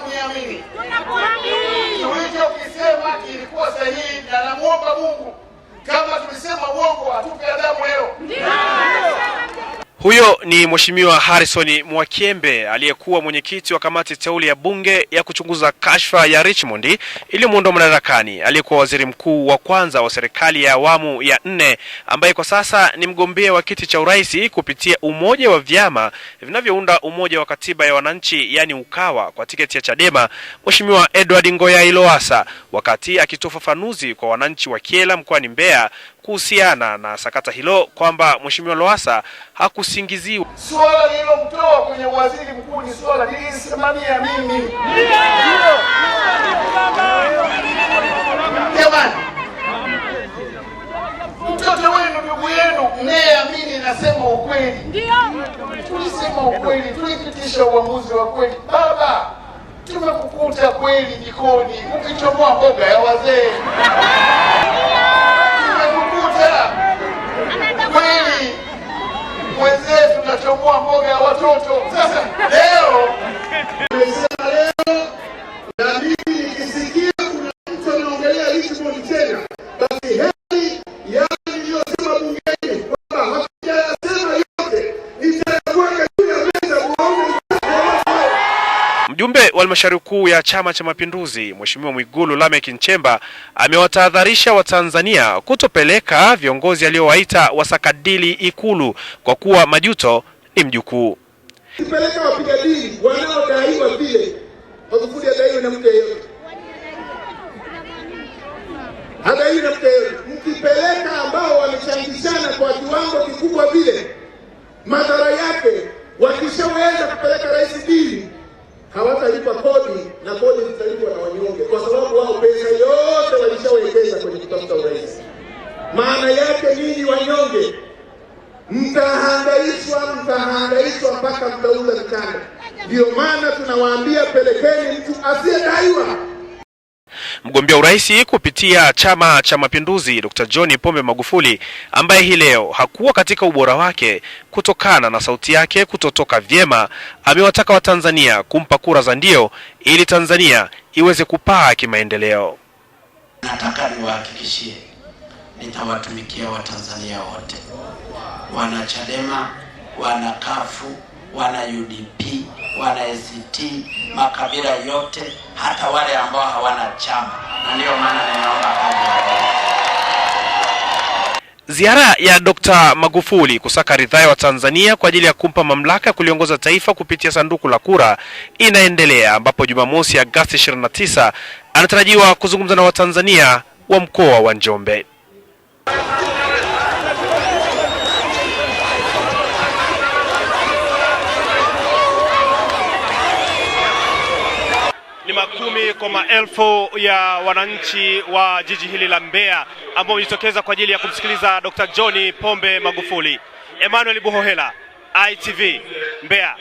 mniamini, tulichokisema kilikuwa sahihi, na namwomba Mungu kama tulisema uongo atupe huyo ni Mheshimiwa Harrison Mwakyembe aliyekuwa mwenyekiti wa kamati teuli ya bunge ya kuchunguza kashfa ya Richmond iliyomwondoa madarakani aliyekuwa waziri mkuu wa kwanza wa serikali ya awamu ya nne ambaye kwa sasa ni mgombea wa kiti cha urais kupitia umoja wa vyama vinavyounda umoja wa katiba ya wananchi yani Ukawa kwa tiketi ya Chadema, Mheshimiwa Edward Ngoyai Lowassa, wakati akitoa ufafanuzi kwa wananchi wa Kyela mkoani Mbeya kuhusiana na sakata hilo kwamba Mheshimiwa Lowassa hakusingiziwa. Swala lililomtoa kwenye waziri mkuu ni swala nilisimamia mimi. Jamani, mtoto wenu, ndugu yenu, mnayeamini nasema ukweli. Tulisema ukweli, tulipitisha uamuzi wa kweli. Baba, tumekukuta kweli jikoni ukichomoa mboga ya wazee kutoboa mboga ya watoto. Sasa leo nimesema leo, na mimi nikisikia kuna mtu anaongelea Richmond tena, basi heri yale niliyosema bungeni kwamba hakujayasema yote nitayakweka juu ya meza kuwaone. Mjumbe wa halmashauri kuu ya Chama cha Mapinduzi Mheshimiwa Mwigulu Lameck Nchemba amewatahadharisha Watanzania kutopeleka viongozi aliyowaita wasakadili Ikulu kwa kuwa majuto ni mjukuu. Sipeleka wapiga dini wanaodaiwa vile, Magufuli adaiwe na mtu yeyote, Mkipeleka ambao wameshangishana kwa kiwango kikubwa vile, madhara yake wakishaweza kupeleka rais dini hawatalipa kodi na kodi zitalipwa na wanyonge, kwa sababu wao pesa yote walishawekeza kwenye kutafuta urais. Maana yake ninyi wanyonge mtaha mtahangaishwa mpaka mtauza vitanda. ndio maana tunawaambia pelekeni mtu asiyedaiwa. Mgombea urais kupitia Chama cha Mapinduzi Dr. John Pombe Magufuli ambaye hii leo hakuwa katika ubora wake kutokana na sauti yake kutotoka vyema, amewataka Watanzania kumpa kura za ndio ili Tanzania iweze kupaa kimaendeleo. Nataka niwahakikishie nitawatumikia Watanzania wote, Wanachadema wana kafu wana UDP wana ACT, e makabila yote, hata wale ambao hawana chama, na ndiyo maana ninaomba kazi Ziara ya Dr. Magufuli kusaka ridhaa ya Watanzania kwa ajili ya kumpa mamlaka ya kuliongoza taifa kupitia sanduku la kura inaendelea, ambapo Jumamosi Agosti 29 anatarajiwa kuzungumza na Watanzania wa mkoa wa Njombe. ni makumi kwa maelfu ya wananchi wa jiji hili la Mbeya ambao wamejitokeza kwa ajili ya kumsikiliza Dr. John Pombe Magufuli. Emmanuel Buhohela, ITV Mbeya.